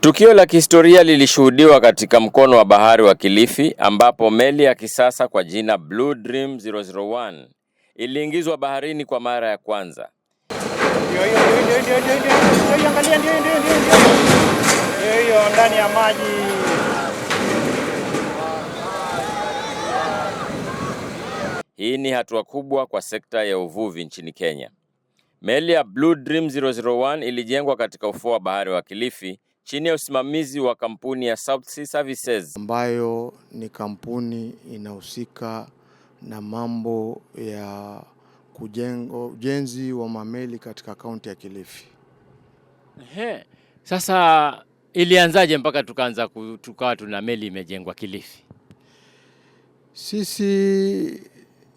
Tukio la kihistoria lilishuhudiwa katika mkono wa bahari wa Kilifi ambapo meli ya kisasa kwa jina Blue Dream 001 iliingizwa baharini kwa mara ya kwanza. Hiyo ndani ya maji. Hii ni hatua kubwa kwa sekta ya uvuvi nchini Kenya. Meli ya Blue Dream 001 ilijengwa katika ufuo wa bahari wa Kilifi chini ya usimamizi wa kampuni ya South Sea Services ambayo ni kampuni inahusika na mambo ya kujengo, ujenzi wa mameli katika kaunti ya Kilifi. Ehe, sasa ilianzaje mpaka tukaanza tukawa tuna meli imejengwa Kilifi? Sisi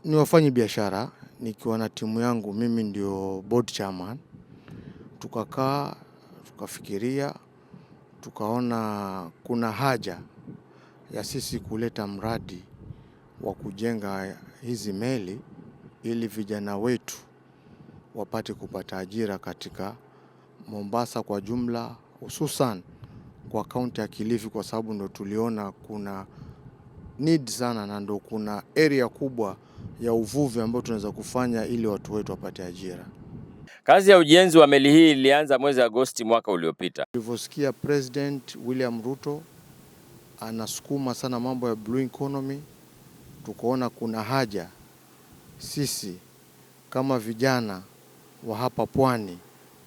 ni wafanyi biashara, nikiwa na timu yangu, mimi ndio board chairman. Tukakaa tukafikiria tukaona kuna haja ya sisi kuleta mradi wa kujenga hizi meli ili vijana wetu wapate kupata ajira katika Mombasa kwa jumla, hususan kwa kaunti ya Kilifi, kwa sababu ndo tuliona kuna need sana na ndo kuna area kubwa ya uvuvi ambayo tunaweza kufanya ili watu wetu wapate ajira. Kazi ya ujenzi wa meli hii ilianza mwezi Agosti mwaka uliopita. Tulivyosikia President William Ruto anasukuma sana mambo ya blue economy, tukaona kuna haja sisi kama vijana wa hapa pwani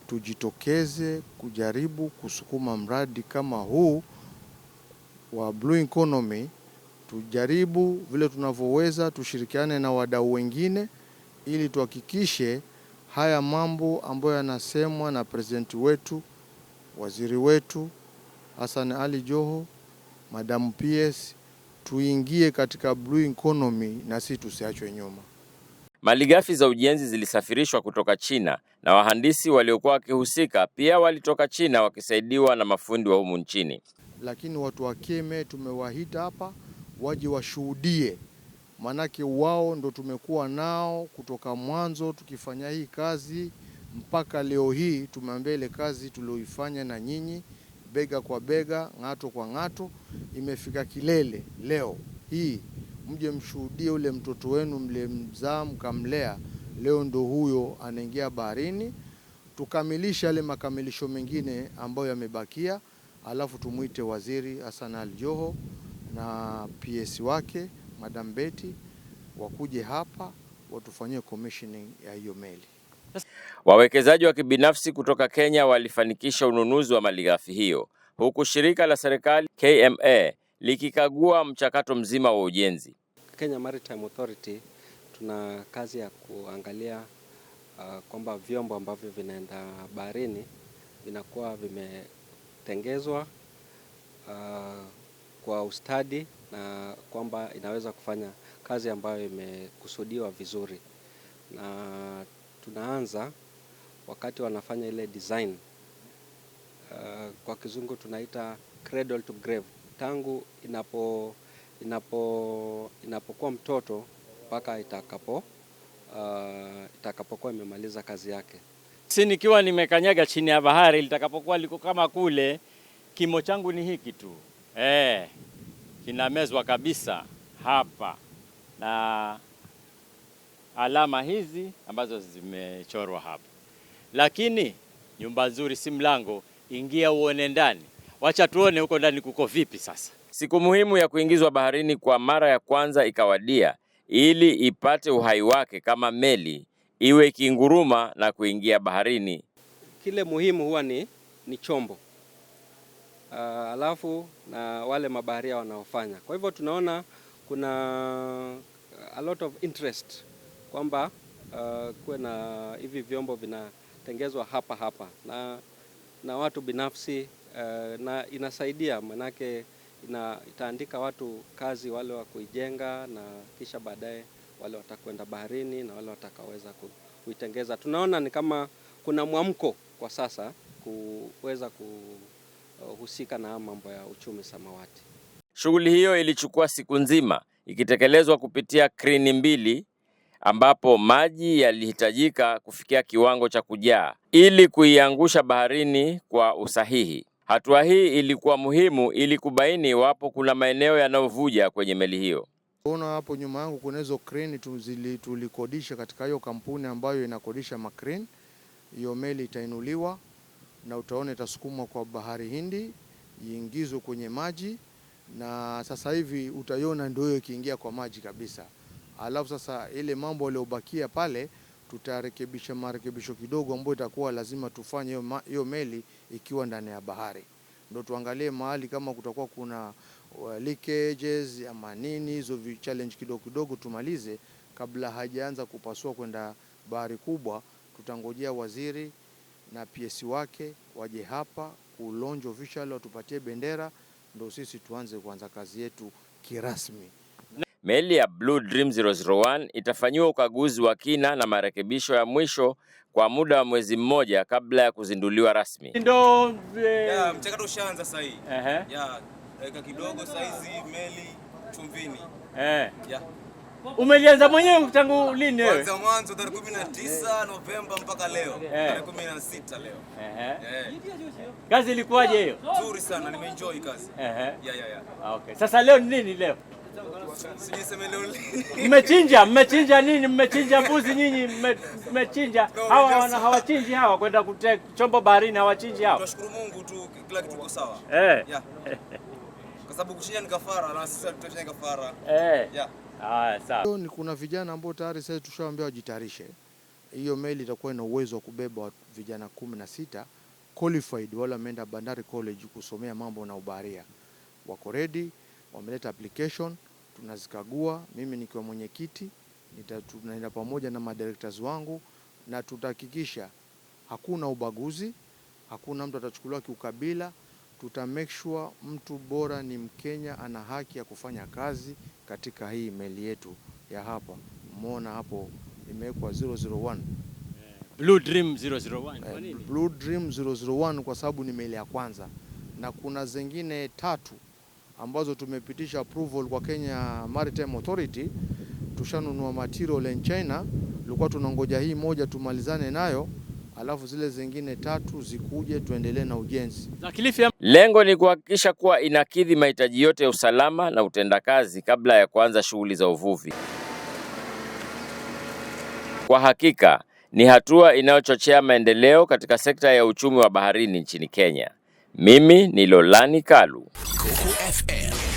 tujitokeze kujaribu kusukuma mradi kama huu wa blue economy, tujaribu vile tunavyoweza, tushirikiane na wadau wengine ili tuhakikishe haya mambo ambayo yanasemwa na presidenti wetu, waziri wetu Hassan Ali Joho, Madam PS, tuingie katika blue economy na si tusiachwe nyuma. Malighafi za ujenzi zilisafirishwa kutoka China na wahandisi waliokuwa wakihusika pia walitoka China wakisaidiwa na mafundi wa humu nchini, lakini watu wa Keme tumewahita hapa waje washuhudie manake wao ndo tumekuwa nao kutoka mwanzo tukifanya hii kazi mpaka leo hii. Tumeambia ile kazi tulioifanya na nyinyi bega kwa bega, ng'ato kwa ng'ato, imefika kilele leo hii, mje mshuhudie ule mtoto wenu mliemzaa mkamlea, leo ndo huyo anaingia baharini. Tukamilisha yale makamilisho mengine ambayo yamebakia, alafu tumwite Waziri Hassan Ali Joho na PS wake Madam Betty wakuje hapa watufanyie commissioning ya hiyo meli. Wawekezaji wa kibinafsi kutoka Kenya walifanikisha ununuzi wa malighafi hiyo huku shirika la serikali KMA likikagua mchakato mzima wa ujenzi. Kenya Maritime Authority tuna kazi ya kuangalia uh, kwamba vyombo ambavyo vinaenda baharini vinakuwa vimetengezwa uh, kwa ustadi na kwamba inaweza kufanya kazi ambayo imekusudiwa vizuri, na tunaanza wakati wanafanya ile design uh, kwa kizungu tunaita cradle to grave, tangu inapo inapo inapokuwa mtoto mpaka itakapo uh, itakapokuwa imemaliza kazi yake. Si nikiwa nimekanyaga chini ya bahari, litakapokuwa liko kama kule, kimo changu ni hiki tu eh kinamezwa kabisa hapa na alama hizi ambazo zimechorwa hapa. Lakini nyumba nzuri si mlango, ingia uone ndani. Wacha tuone huko ndani kuko vipi sasa. Siku muhimu ya kuingizwa baharini kwa mara ya kwanza ikawadia, ili ipate uhai wake kama meli iwe ikinguruma na kuingia baharini. Kile muhimu huwa ni, ni chombo Ah, alafu na wale mabaharia wanaofanya. Kwa hivyo tunaona kuna a lot of interest kwamba uh, kuwe na hivi vyombo vinatengezwa hapa hapa na, na watu binafsi uh, na inasaidia manake ina, itaandika watu kazi wale wa kuijenga na kisha baadaye wale watakwenda baharini na wale watakaweza kuitengeza. Tunaona ni kama kuna mwamko kwa sasa kuweza ku husika na mambo ya uchumi samawati. Shughuli hiyo ilichukua siku nzima ikitekelezwa kupitia kreni mbili ambapo maji yalihitajika kufikia kiwango cha kujaa ili kuiangusha baharini kwa usahihi. Hatua hii ilikuwa muhimu ili kubaini iwapo kuna maeneo yanayovuja kwenye meli hiyo. Unaona hapo nyuma yangu kuna hizo kreni tulikodisha katika hiyo kampuni ambayo inakodisha makreni. Hiyo meli itainuliwa na utaona itasukumwa kwa bahari Hindi iingizwe kwenye maji, na sasa hivi utaiona ndio hiyo ikiingia kwa maji kabisa. Alafu sasa ile mambo yaliyobakia pale tutarekebisha marekebisho kidogo, ambayo itakuwa lazima tufanye hiyo meli ikiwa ndani ya bahari, ndio tuangalie mahali kama kutakuwa kuna uh, leakages ama nini, hizo challenge kidogo kidogo tumalize kabla hajaanza kupasua kwenda bahari kubwa. Tutangojea waziri na PS wake waje hapa kulonjo official watupatie bendera, ndo sisi tuanze kuanza kazi yetu kirasmi. Meli ya Blue Dream 001 itafanyiwa ukaguzi wa kina na marekebisho ya mwisho kwa muda wa mwezi mmoja kabla ya kuzinduliwa rasmi. Ndo mchakato ushaanza sasa hivi. Dakika kidogo saizi meli chumvini. Eh. Umejianza mwenyewe tangu lini wewe? Kwanza mwanzo tarehe 19 Novemba mpaka leo. Eh. Tarehe 16 leo. Eh, eh eh. Kazi ilikuwaje hiyo? Nzuri sana, nimeenjoy kazi. Eh eh. ya ya. yeah. Ah, okay. Sasa leo ni nini leo? Mmechinja, mmechinja nini? Mmechinja mbuzi nyinyi, mmechinja hawa wana hawachinji hawa kwenda kuteka chombo baharini, hawachinji hawa. Tunashukuru Mungu tu kila kitu kiko sawa. Eh. Yeah. Kwa sababu kuchinja ni kafara na sisi tutachinja kafara. Eh. Yeah. Ah, Ni kuna vijana ambao tayari sasa tushawaambia wajitayarishe. Hiyo meli itakuwa ina uwezo wa kubeba vijana kumi na sita qualified wale wameenda Bandari College kusomea mambo na ubaharia. Wako ready, wameleta application, tunazikagua. Mimi nikiwa mwenyekiti tunaenda pamoja na madirectors wangu na tutahakikisha hakuna ubaguzi, hakuna mtu atachukuliwa kiukabila tuta make sure mtu bora ni Mkenya, ana haki ya kufanya kazi katika hii meli yetu ya hapa. Umeona hapo imewekwa 001 Blue Dream 001. Blue Dream 001 kwa sababu ni meli ya kwanza, na kuna zingine tatu ambazo tumepitisha approval kwa Kenya Maritime Authority. Tushanunua material in China, tulikuwa tunangoja hii moja tumalizane nayo alafu zile zingine tatu zikuje tuendelee na ujenzi. Lengo ni kuhakikisha kuwa inakidhi mahitaji yote ya usalama na utendakazi kabla ya kuanza shughuli za uvuvi. Kwa hakika ni hatua inayochochea maendeleo katika sekta ya uchumi wa baharini nchini Kenya. Mimi ni Lolani Kalu, Coco FM.